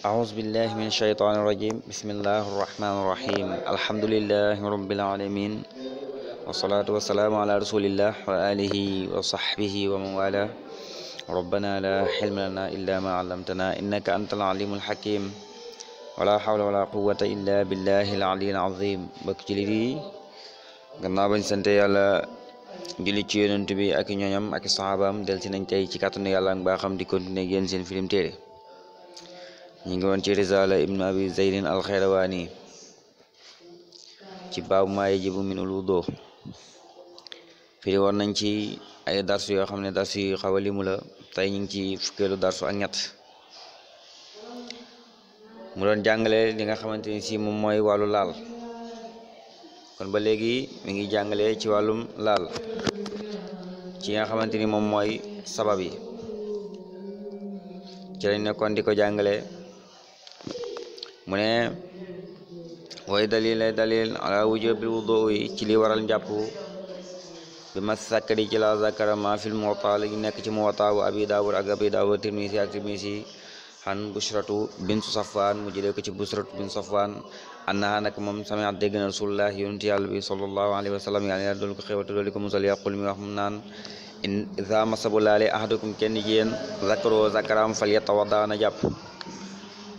أعوذ بالله من الشيطان الرجيم بسم الله الرحمن الرحيم الحمد لله رب العالمين والصلاة والسلام على رسول الله وآله وصحبه ومن والاه ربنا لا حلم لنا إلا ما علمتنا إنك أنت العليم الحكيم ولا حول ولا قوة إلا بالله العلي العظيم bokk ci lii gannaaw bañ sant yàlla julli ci yonent bi ak ñooñam ak saxaabaam del si nañ tey ci kàttanu yàlla ak mbaaxam di continuer yéen seen film téere ñi ngi woon ci risaala ibnu abi zeydin alxayrawaani ci baabu maa yajibu minul wudu firi woon nañ ci ay darsu yoo xam ne darsu yu xaw a limu la tey ñu ngi ci fukkeelu darsu ak ñett mu doon jàngale li nga xamante ni si moom mooy wàllu laal kon ba léegi mu ngi jàngale ci wàllum laal ci nga xamante ni moom mooy sabab yi ci lañ kon di ko jàngale mu ne way dalil lay dalil ala wudu yi ci li waral njàpp bi ma sàkkari ci la zakara ma fil muwatta li nekk ci muwatta bu abi daawud ak abi daawud tirmisi ak tirmisi xan bushratu bin safwan mu jëlee ko ci bushratu bin safwan annaha nag moom samiat dégg na rasulullah yonent yàlla bi sallallahu alayhi wa sallam yàlla doolu ko xéewal te doolu ko musal yàqul mi wax mu naan in iza masabu laale ahadukum kenn ci yéen zakaroo zakaraam fal yatawadda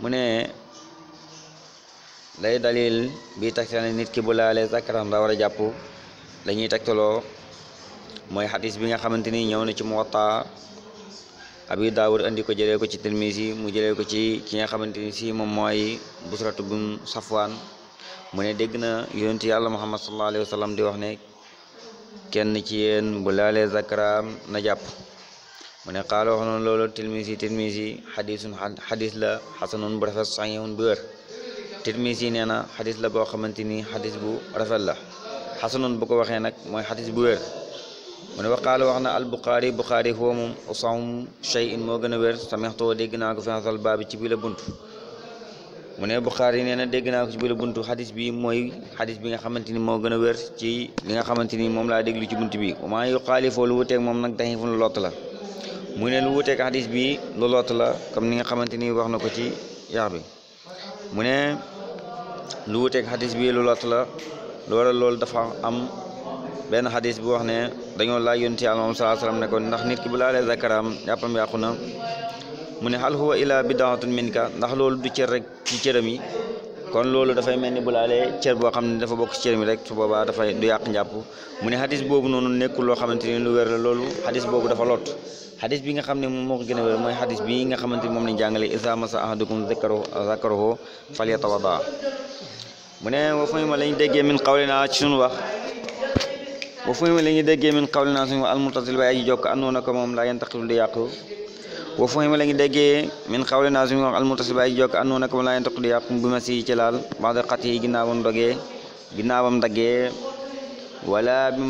mu ne day dalil bi tegtal nit ki bu laalee zakaram daa war a jàpp la ñuy tegtaloo mooy xadis bi nga xamante ni ñëw na ci Muwatta Abi Daawud andi ko jëlee ko ci Tirmisi mu jëlee ko ci ki nga xamante ni si moom mooy Busratu bun Safwaan mu ne dégg na yonent yàlla Muhammad sallallahu alayhi wa di wax ne kenn ci yéen bu laalee zakaram na jàpp mu ne xaala wax noonu loolu tilmisi tilmisi xadisun xadis la xasanun bu rafet saxiihun bu wér tirmisi nee na xadis la boo xamante ni xadis bu rafet la xasanun bu ko waxee nag mooy xadis bu wér mu ne waqaala wax na al buxaari buxaari huwa moom usawm shay in moo gën a wér samextoo degg naa ko fi xasal baabi ci bi la bunt mu ne buxaari nee na dégg naa ko ci bi la bunt xadis bi mooy xadis bi nga xamante ni moo gën a wér ci li nga xamante ni moom laa déglu ci bunt bi maa yu xaalifoo lu wuteeg moom nag daxi fu lu lott la mu ne lu wuteeg xadis bi lu la comme ni nga xamante ni wax na ko ci yax bi mu ne lu wuteeg xadis bi lu lot la lu waral loolu dafa am benn xadis bu wax ne dañoo laaj yonti yàlla moom salaa salaam ne ko ndax nit ki bu laalee zakaraam yàppam yàqu na mu ne hal huwa bi bidaatun minka ndax loolu du cër rek ci cëram yi kon loolu dafay mel ni bu laalee cër boo xam ne dafa bokk ci cër mi rek su boobaa dafay du yàq njàpp mu ne xadis boobu noonu nekkul loo xamante ni lu wér la loolu xadis boobu dafa lot xadis bi nga xam ne moom moo ko gën a wér mooy xadis bi nga xamante ni moom lañ jàngale isa masa ahadukum zakaro zakaraho falyatawada mu ne wa fu ma la déggee min qawlina ci suñu wax wa fu ma la ñu déggee min qawlina suñu wax almutasil bay aji jokk andoona ko moom laa yantaqilu di yàqu wa fuhima la ngi déggee min xawle naa suñu wax almutasib baa jokk anoo nag ma laa yen toqdi yàqum bi ma si ci laal baax da xat yi ginnaawam dogee bi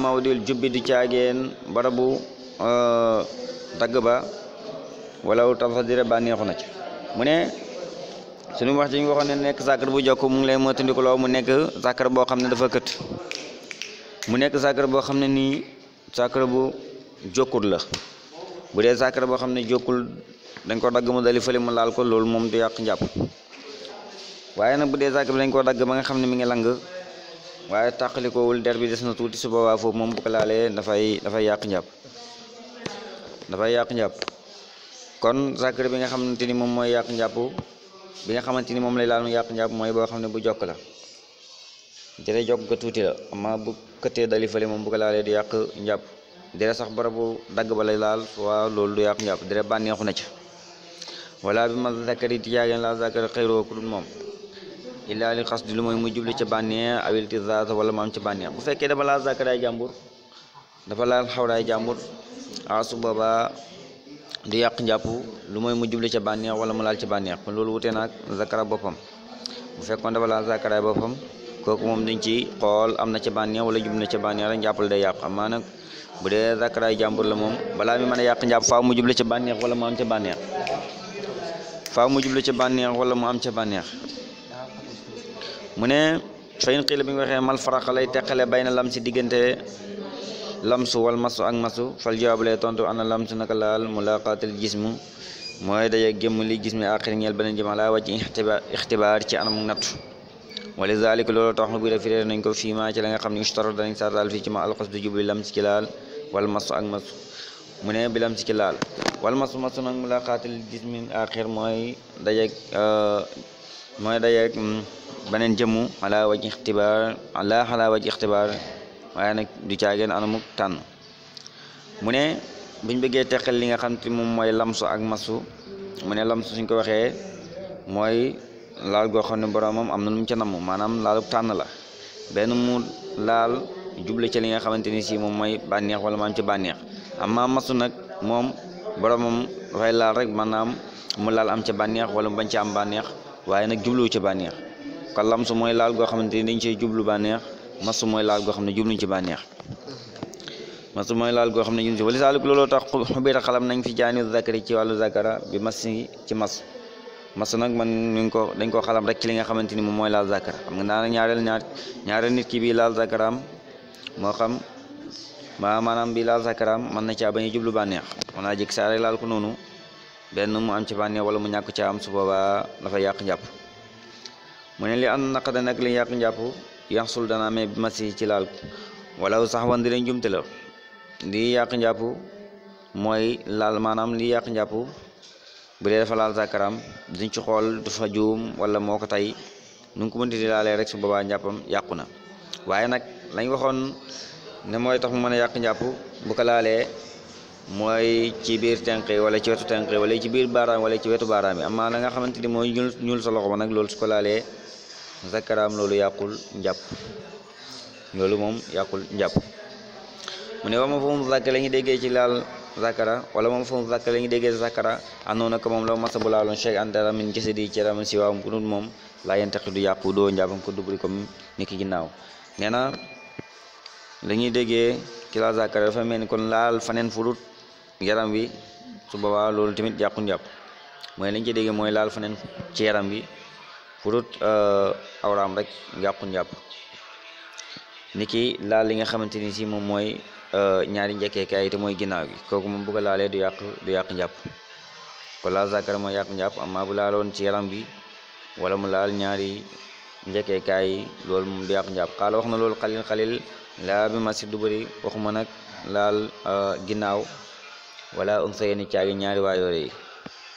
mawdil jubbi du caageen barabu dagg ba wala tafadira ba neexu na ci mu ne suñu wax ci ñu waxoon ne nekk sàkkar bu jokk mu ngi lay moytandiku loo mu nekk sàkkar boo xam ne dafa kët nekk sàkkar boo xam ne nii sàkkar bu jokkut la bu dee saakara boo xam ne jokkul dañ ko dagg mu dali fële mu laal ko loolu moom du yàq njàpp waaye nag bu dee saakara bi dañ koo dagg ba nga xam ne mu ngi lang waaye tàqalikowul der bi des na tuuti su boobaa foofu moom bu ko laalee dafay dafay yàq njàpp yàq njàpp kon saakara bi nga xamante ni moom mooy yàq njàpp bi nga xamante ni moom lay laal mu yàq njàpp mooy boo xam ne bu jokk la jëre jokk ko tuuti la ma bu këttee dali fële moom bu ko laalee du yàq njàpp dere sax barabu dagg ba lay laal waa loolu du yàqu njàpp dere bànneexu na ci wala bi ma zakari ti yaageen la zakari xayroo ku dul moom li xas di lu mooy mu ca bànneex awil tizaat wala mu am ca bu fekkee dafa laal zakari ay dafa laal xawraay jàmbur a su boobaa du yàq njàpp lu mooy mu ca bànneex wala mu laal ca bànneex loolu wutee naag zakara boppam bu fekkoon dafa laal zakaraay boppam kooku moom dañ ci xool am na ca bànneex wala jub na ca bànneex rek njàppal day yàqu amaa bu dee zakaraay jàmbur la moom balaa mi mën a yàq njàpp faaw mu jublu ci bànneex wala mu am ca bànneex faaw mu jublu ci bànneex wala mu am ca bànneex mu ne fayin xiila bi nga waxee mal faraqa lay teqale bay na lam si diggante lamsu wal masu ak masu fal jawaabu lay tontu ana lamsu naka laal mulaqaatil jismu mooy daje gémm li gis mi àxir ñeel beneen jëm laa wàcc ci anam nattu wala zalik loolu tax mu biir a firee nañ ko ci la nga xam ne ustaro danañ sardaal fii ci ma alxas du jubli ci laal wal masu ak masu mu ne bilam ci ki laal wal masu masu nag mu laa xaatil gis min axir mooy dajeeg euh, mooy dajeeg mm, beneen jëmmu alaa waj ixtibaar alaa xalaa waj ixtibaar waaye nag du caageen anamuk tànn mu ne buñ bëggee teqal li nga xam te moom mooy lamsu ak masu mu ne lamsu suñ ko waxee mooy laal goo xam ne boroomam am na lu mu ca namm maanaam laaluk tànn la benn mu laal jublu ci li nga xamante ni si moom mooy bànneex wala maam ci bànneex amma masu nag moom boromam dafay laal rek maanaam mu laal am ca bànneex wala mu bañ ci am bànneex waaye nag jublu ci bànneex kon lam su mooy laal goo xamante ni dañ cey jublu bànneex masu mooy laal goo xam ne jubluñ ci bànneex masu mooy laal goo xam ne jubluñ ci wali saalik looloo tax xubiira xalam nañ fi jaani zakari ci wàllu zakara bi mas ci mas mas nag man ñu ko dañ ko xalam rek ci li nga xamante ni moom laal zakara xam nga naa ñaareel ñaareel nit ki moo xam ma maanaam bi laal sakaram mën na caa bañ a jublu bànneex mën naa jëkk saa laal ko noonu benn mu am ci bànneex wala mu ñàkk caa am su boobaa dafa yàq njàpp ne li ànd naqda nag li yàq njàpp yaxsul dana amee bi masi ci laal wala sax wan dinañ jumte la li yàq njàpp mooy laal maanaam li yàq njàpp bu dee dafa laal sakaram duñ ci xool dafa juum wala moo ko tey nu ko mënti di laalee rek su boobaa njàppam yàqu na waaye nag lañ waxoon ne mooy tax mu mën a yàq njàpp bu ko laalee mooy ci biir tenq yi wala ci wetu tenq yi wala ci biir baaraam wala ci wetu baaraam bi amaa na nga xamante ni mooy ñuul ñuul sa loxo nag loolu su ko laalee zakaraam loolu yàqul njàpp loolu moom yàqul njàpp mu ne wa ma foofu zakk la ñu ci laal zakara wala moom foofu zakk la ñu déggee zakara moom la masa bu laaloon cheikh an dara min gise di ci ramin si waawam ku moom laa yentaxi du yàqu doo njàppam ko dubri comme ni ki ginnaaw la déggee ci la zakara dafa mel ni kon laal faneen fudut yaram wi su boobaa loolu tamit jàqu njàpp mooy lañ ci déggee mooy laal faneen ci yaram wi fudut euh, awraam rek jàqu njàpp ni ki laal li nga xamante ni si moom mooy euh, ñaari njëkkeekaay te mooy ginnaaw gi kooku moom bu ko laalee du yàq du yàq njàpp kon laal zakara mooy yàq njàpp amaa bu laaloon ci yaram bi wala mu laal ñaari njëkkeekaay yi loolu moom du yàq njàpp xaala wax na loolu xalil xalil laa bi masjid du bëri waxuma nag laal euh, ginnaaw wala um sa yenn caagi ñaari waayoor yi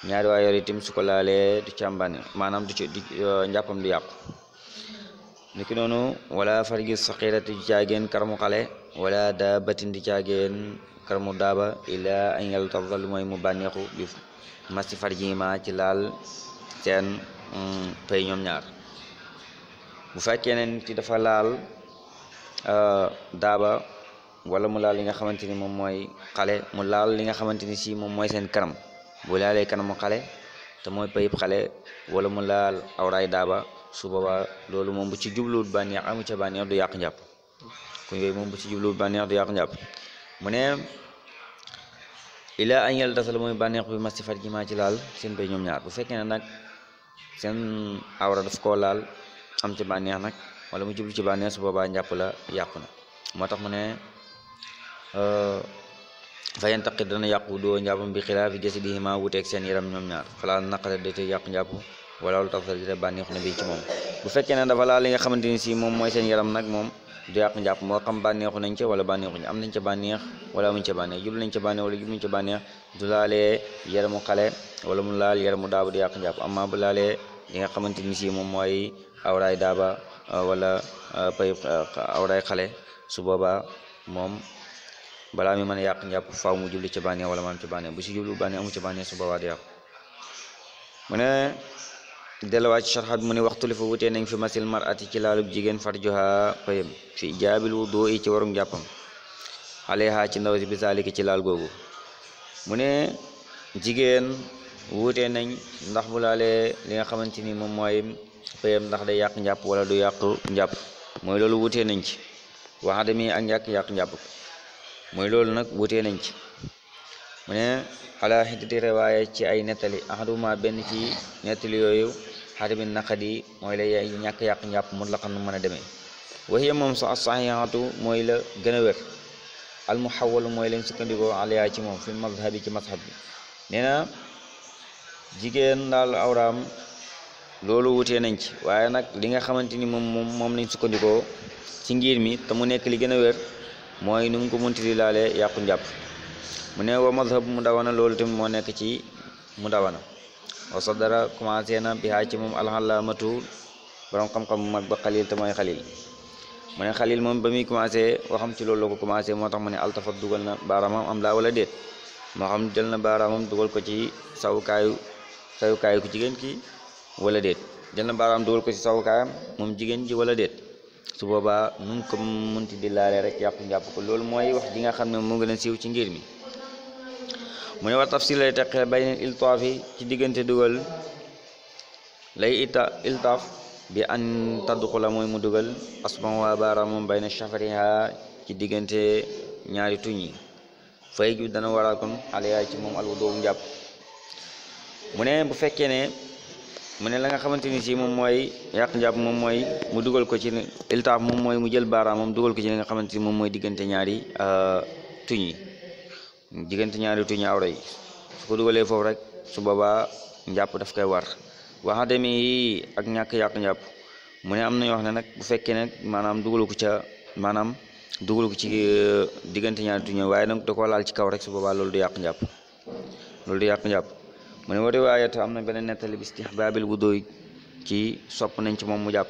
ñaari waayoor yi tim su ko laalee du càmbane maanaam du ci euh, njàppam du yàqu niki noonu wala fargi saxirati di caageen karamu xale wala batin di caageen karamu daaba ilaa an yaltaza lu mooy mu bànneexu bi masi farji ma ci laal seen mm, pay ñoom ñaar bu fekkee ne nit dafa laal Euh, daaba wala mu laal li nga xamante ni moom mooy xale mu laal li nga xamante ni si moom mooy seen kanam bu laalee kanamu xale te mooy payib xale wala mu laal awraay daaba su boobaa loolu moom bu ci jubluwul bànneex amu ca bànneex du yàq njàpp yooyu moom bu ci jubluwul bànneex yàq njàpp mu ne ilaa an yàlla dasal mooy bànneex bi masti fat gi maa ci laal seen bay ñoom ñaar bu fekkee ne nag seen awra daf koo laal am ci bànneex nag wala mu jublu ci bànneex su boobaa njàpp la yàqu na moo tax mu ne euh, fa yantaqi dana yàqu doo njàppam bi xilaafi jasadihi ma wuteeg seen yaram ñoom ñaar falaa naqata date yàqu njàpp wala lu tax sa dite bànneexu ne bi ci moom bu fekkee na dafa laa li nga xamante ni si moom mooy seen yaram nag moom du moo xam bànneexu nañ ca wala bànneexu ñu am nañ ca bànneex wala amuñ ca bànneex jublu nañ ca bànneex wala jubluñ ca bànneex du laalee yaramu xale wala mu laal yaramu daaba du yàq njàpp amma bu laalee li nga xamante ni si moom mooy awraay daaba wala pay awray xale su boobaa moom balaa mi mën a yàq njàpp faw mu jubli ci bànnee wala maam ci bànnee bu si jublu bànnee amu ci bànnee su boobaa di yàqu mu ne delluwaat ci mu ne waxtu li fa wutee nañ fi masil marati ci laalub jigéen farjuha payam fi jaabil wudu yi ci warum njàppam xale ci ndaw si bi ci laal googu mu ne jigéen wuute nañ ndax bu laalee li nga xamante ni moom mooy payam ndax day yàq njàpp wala du yàqu njàpp mooy loolu wutee nañ ci wax demi ak yàq yàq njàpp mooy loolu nag wutee nañ ci mu ne ala xitati waaye ci ay nettali ahaduma benn ci nettali yooyu xadami naqadi mooy la ñàkk yàq njàpp mu la xam nu mën a demee waxiya moom sa saxiixatu mooy la gën a wér almuhawalu mooy lañ sukkandikoo aliya ci moom fi mazhabi ci mazhab bi nee jigéen daal awraam loolu wutee nañ ci waaye nag li nga xamante ni moom moom moom lañ sukkandikoo ci ngir mi te mu nekk li gën a wér mooy ni mu ko mënti di laalee yàqu njàpp mu ne wa madhab mu dawana loolu tamit moo nekk ci mu dawana wa dara commencé na bi ci moom alxalaamatu borom xam-xam bu mag ba xalil te mooy xalil mu ne xalil moom ba muy commencé waxam ci loolu la ko commencé moo tax mu ne altafat dugal na baaraamam am laa wala déet moo xam jël na baaraamam dugal ko ci sawukaayu sayukaayu ku jigéen ki wala déet jël baaraam dugal ko ci sawukaayam moom jigéen ji wala déet su boobaa nu mu ko munti di laalee rek yàpp njàpp ko loolu mooy wax ji xam ne moo gën a siiw ci ngir mi mu ne war tafsil lay teqee bay neen iltaaf yi ci diggante dugal lay bi an tadxula mooy mu dugal asban waa baaraam moom bay na shafariha ci diggante ñaari tuñ yi fay gi dana waral kon alayaa ci moom alwudoo njàpp mu ne bu fekkee ne mu ne la nga xamante ni si moom mooy yàq njàpp moom mooy mu dugal ko ci iltaaf moom mooy mu jël baaraam moom dugal ko ci li nga xamante ni moom mooy diggante ñaari euh, diggante ñaari tuñ awra yi foofu rek su boobaa njàpp daf koy war waxademi yi ak ñàkk yàq njàpp mu ne am na wax ne nag bu fekkee ne maanaam dugalu ko ca maanaam dugalu ko ci euh, diggante ñaari tuñ waaye nag da koo laal ci kaw rek su boobaa loolu du yàq njàpp loolu du yàq njàpp mu ne wa am na beneen nettali bi istihbaabil wudooy ci sopp nañ ci moom mu jàpp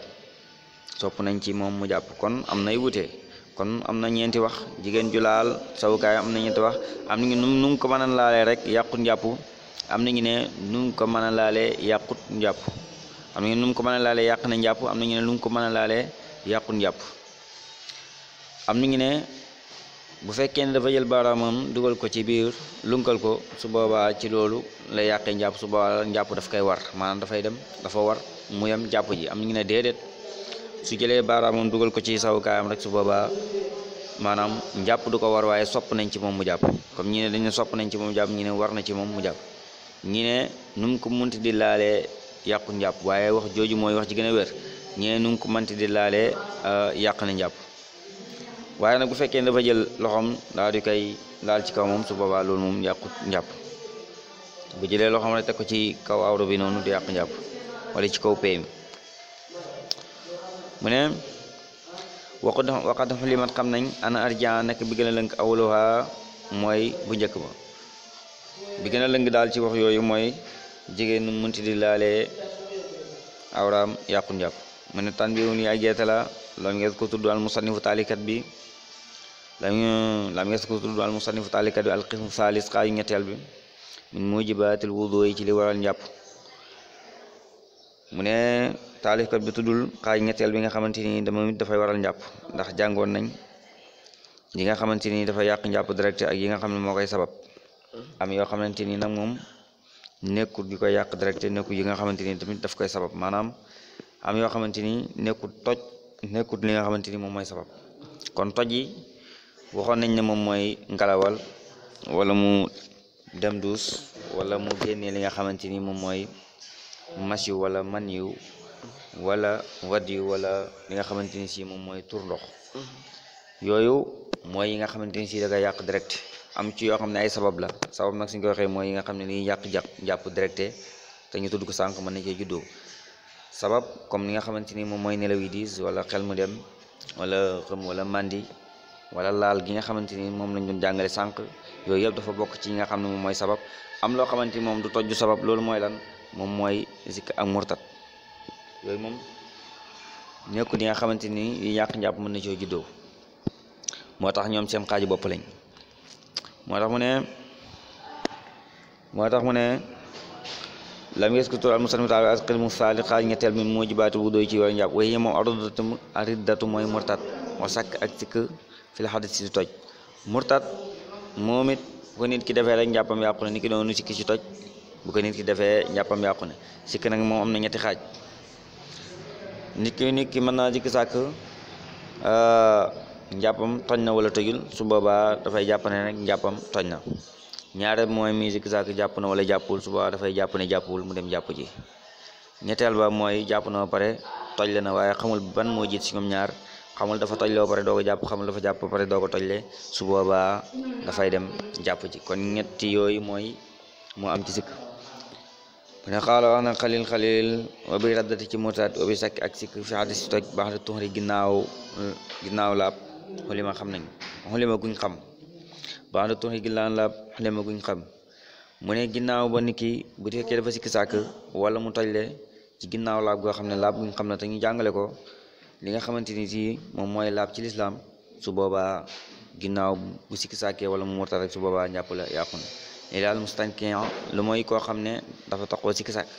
sopp nañ ci moom mu jàpp kon am nay wutee kon am na ñeenti wax jigéen ju laal sawukaay am na ñeenti wax am na ñu nu nu ko mën a laalee rek yàqut njàpp am na ñu ne nu ko mën a laalee yàqut njàpp am na ñu nu ko mën a laalee yàq na njàpp am na ñu ne ko mën a laalee yàqut njàpp na bu fekkee ne dafa jël baaraamam dugal ko ci biir lunkal ko su boobaa ci loolu la yàqee njàpp su boobaa njàpp daf koy war maanaam dafay dem dafa war mu yem jàpp ji am ñu ne déedéet su jëlee baaraamam dugal ko ci sawukaayam rek su boobaa maanaam njàpp du ko war waaye sopp nañ ci moom mu jàpp comme ñi ne dañu sopp nañ ci moom jàpp ñi ne war na ci moom mu jàpp ñi ne nu ko munti di laale yàqu njàpp waaye wax jooju mooy wax ci gën a wér ñi ne nu mu ko mënti di laalee euh, yàq na njàpp waaye nag bu fekkee ne dafa jël loxoom daal di koy laal ci kaw moom su boobaa loolu moom yàqu njàpp bu jëlee loxoom rek teg ko ci kaw awra bi noonu du yàq njàpp wala ci kaw pay mi mu ne waqad waqad xulimat xam nañ ana arjaa nekk bi gën lënk awluha mooy bu njëkk ba bi gën a daal ci wax yooyu mooy jigéen nu di laalee awraam yàqu njàpp mu ne tànn bi ay jeeta la lam ngees ko tudd al musannifu taalikat bi lam lam ngees ko tudd al musannifu taalikat bi al qismu thalis xaayu ñetteel bi min mujibaatil wudu yi ci li waral njàpp mu ne taalifkat bi tuddul xaaj ñetteel bi nga xamante ni dama dafay waral njàpp ndax jàngoon nañ yi nga xamante ni dafa yàq njàpp direct ak yi nga xam ne moo koy sabab am yoo xamante ni nag moom nekkut yu koy yàq direct nekkut yi nga xamante ni tamit daf koy sabab maanaam am yoo xamante ni toj nekkut li nga xamante ni moom mooy sabab kon toj yi waxoon nañ ne moom mooy ngalawal wala mu dem duus wala mu génnee li nga xamante ni moom mooy mas yu wala man yu wala wad wala li nga xamante ni si moom mooy tur ndox mm-hmm. yooyu mooy yi nga xamante ni si da nga yàq direkt am ci yoo xam ne ay sabab la sabab nag suñ koy waxee mooy yi nga xam ne li ñuy yàq jàpp jàpp directe te ñu tudd ko sànq mën na cee juddoo sabab comme ni nga xamante ni moom mooy nelaw yi diis wala xel mu dem wala xëm wala mandi wala laal gi nga xamante ni moom lañ doon jàngale sànq yooyu yëpp dafa bokk ci nga xam ne moom mooy sabab am loo xamante ni moom du tojju sabab loolu mooy lan moom mooy zikk ak murtat yooyu moom nekku di nga xamante ni yi yàq njàpp mën na coo juddoo moo tax ñoom seen xaaju bopp lañ moo tax mu ne moo tax mu ne lam yesku tural musalmi taal as xilmu saali xaaj ñetteel mi moo jibaati bu doy ci war njàpp waxi moom aridatu aridatu mooy murtat moo sàkk ak sikk fi la xadis si toj murtat moom it bu ko nit ki defee rek njàppam yàqu ne ni ki noonu sikki si toj bu ko ki defee njàppam yàqu ne sikk nag moom am na ñetti xaaj nit ki nit ki mën naa jikki sàkk euh, njàppam toj na wala tojul su boobaa dafay jàpp ne njàppam toj na ñaareel mooy mi sikki jàpp na wala jàppul suba dafay jàpp ne jàppul mu dem jàpp ci ñetteel ba mooy jàpp na ba pare tojle na waaye xamul ban moo jiit si ñoom ñaar xamul dafa tojle ba pare doo ko jàpp xamul dafa jàpp ba pare doo ko le su boobaa dafay dem jàpp ci kon ñetti yooyu mooy moo am ci sikk ne xaala wax na xalil xalil wa bi raddati ci murtaat wa bi sakk ak sikk fi xadis toj baax da tuxri ginnaaw ginnaaw laab xulima xam nañ xam baax na tuuti gilaan la xalima guñ xam mu ne ginnaaw ba nit ki bu fekkee dafa sikki sàkk wala mu tojle ci ginnaaw laab goo xam ne laab guñ xam ne te ñu jàngale ko li nga xamante ni si moom mooy laab ci lislaam su boobaa ginnaaw bu sikki sàkkee wala mu murtal rek su boobaa njàpp la yàqu na ne daal lu mooy koo xam ne dafa taxoo sikki sàkk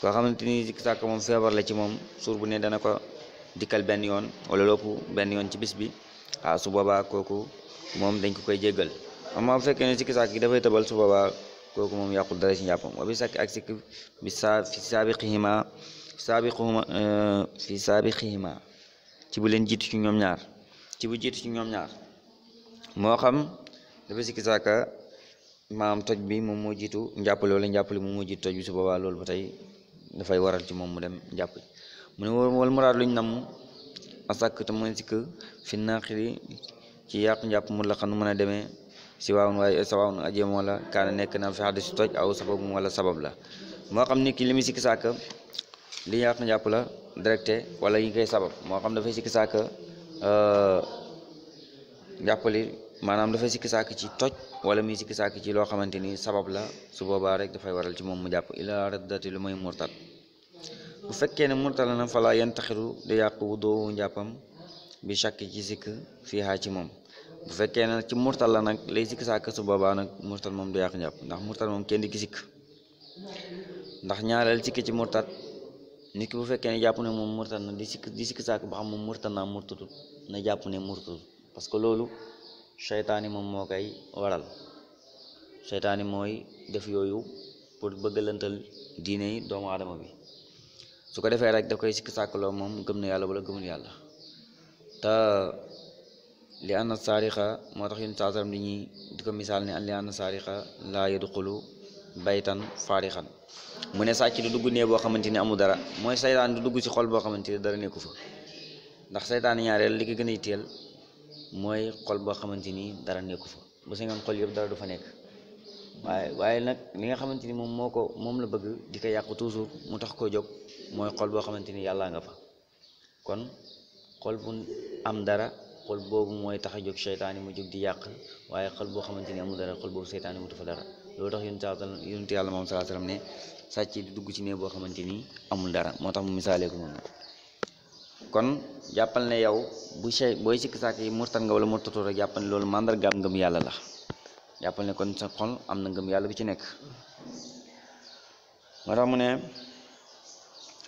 koo xamante ni sikki sàkk moom feebar la ci moom suur bu ne dana ko dikkal benn yoon wala lopp benn yoon ci bis bi waaw su boobaa kooku moom dañ ko koy jéggal amma bu fekkee ne sikki sàkk gi dafay tëbal su boobaa kooku moom yàqul dara ci njàppam wa bi sàkk ak sikk bi saa fi saabiqihima saabiquhuma fi euh, saabiqihima ci bu leen jiitu ci ñoom ñaar ci bu jiitu ci ñoom ñaar moo xam dafa sikki sàkka maam toj bi moom moo jiitu njàppale wala njàppale moom moo jiitu toj bi su boobaa loolu ba tey dafay waral ci moom mu dem njàppale mu ne wal muraad luñ nam asàkk te mooy sikk fi naaqili ci yàqu njàpp mu la xam nu mën a demee si waawun waaye sa waawun ajëm wala kaana nekk na fi xadis toj aw sabab wala sabab la moo xam ni ki li sikki sàkk li yàqu njàpp la directe wala yi koy sabab moo xam dafay sikki sàkk njàppali euh, maanaam dafay sikki sàkk ci toj wala muy sikki sàkk ci loo xamante ni sabab la su boobaa rek dafay waral ci moom mu jàpp ilaa raddati lu muy murtat bu fekkee ne murtat la na falaa yantaxiru di yàq wu doowu njàppam bi shakki ci sikk fiihaa ci moom bu fekkee na ci murtal la nag lay sikk sàkk su boobaa nag murtal moom du yàq njàpp ndax murtal moom kenn di ki sikk ci murtat nit ki bu fekkee jàpp ne moom murtal na di sikk di sikk sàkk ba xam moom murtal naa murtatut na jàpp ne murtatut parce que loolu seytaani moom moo koy waral seytaani mooy def yooyu pour bëggalantal diine yi doomu aadama bi su ko defee rek daf koy sikk sàkk loo moom gëm na yàlla wala gëmul yàlla te li anna saariqa moo tax yun saa salam di ñuy di ko misaal ne an li anna saariqa laa yadxulu baytan faarixan mu ne sàcc du dugg nee boo xamante ni amul dara mooy saytaan du dugg si xol boo xamante ni dara nekku fa ndax saytaan ñaareel li ko gën mooy xol boo xamante ni dara nekku fa bu sa ngam xol yëpp dara du fa nekk waaye waaye nag li nga xamante ni moom moo ko moom la bëgg di ko yàqu toujours mu tax koo jog mooy xol boo xamante ni yàllaa nga fa kon xol bu am dara xol boobu mooy tax a jóg seytaane mu jóg di yàq waaye xol boo xamante ni amul dara xol boobu seytaane wutu fa dara loolu tax yonent yàlla yonent yàlla moom salaa salaam ne sàcc di dugg ci ne boo xamante ni amul dara moo tax mu misaalee ko noonu kon jàppal ne yow bu sey booy sikk sàkk yi murtan nga wala murtatoo rek jàppal ne loolu màndargaam ngëm yàlla la jàppal ne kon sa xol am na ngëm yàlla bu ci nekk moo tax mu ne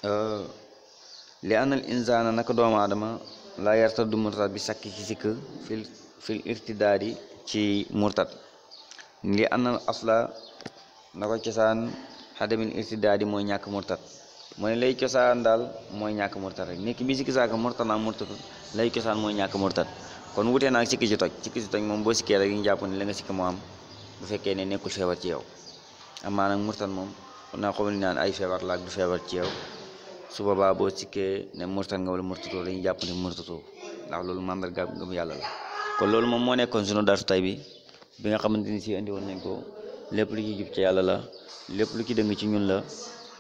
euh, li anal insaana naka doomu aadama la yarta du murtad bi sakki ci sikk fil fil irtidaadi ci murtad li anal asla na ko cosaan xadamin irtidaadi mooy ñàkk murtad mu ne lay cosaan daal mooy ñàkk murtad rek nekk bi sikki saaka murtad naa murtad lay cosaan mooy ñàkk murtad kon wutee naag sikki ci toj sikki ci toj moom boo sikkee rek ñu jàpp ne la nga sikk moo am bu fekkee ne nekkul feebar ci yow amaa nag murtad moom naa xamal naan ay feebar laak du feebar ci su boobaa boo sikkee ne murtat nga wala murtatoo dañuy jàpp ne murtatoo ndax loolu mandarga ngëm yàlla la kon loolu moom moo nekkoon sunu darsu tay bi bi nga xamante ni si indi woon nañ ko lépp lu ci jub ci yàlla la lépp lu ci dëng ci ñun la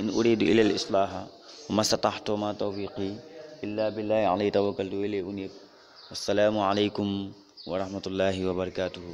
in uridu ilal islaaha mastataxtu ma tawfiqi illa billahi alayhi tawakkaltu wa ilayhi unib assalaamu alaykum wa rahmatullahi wa barakatuhu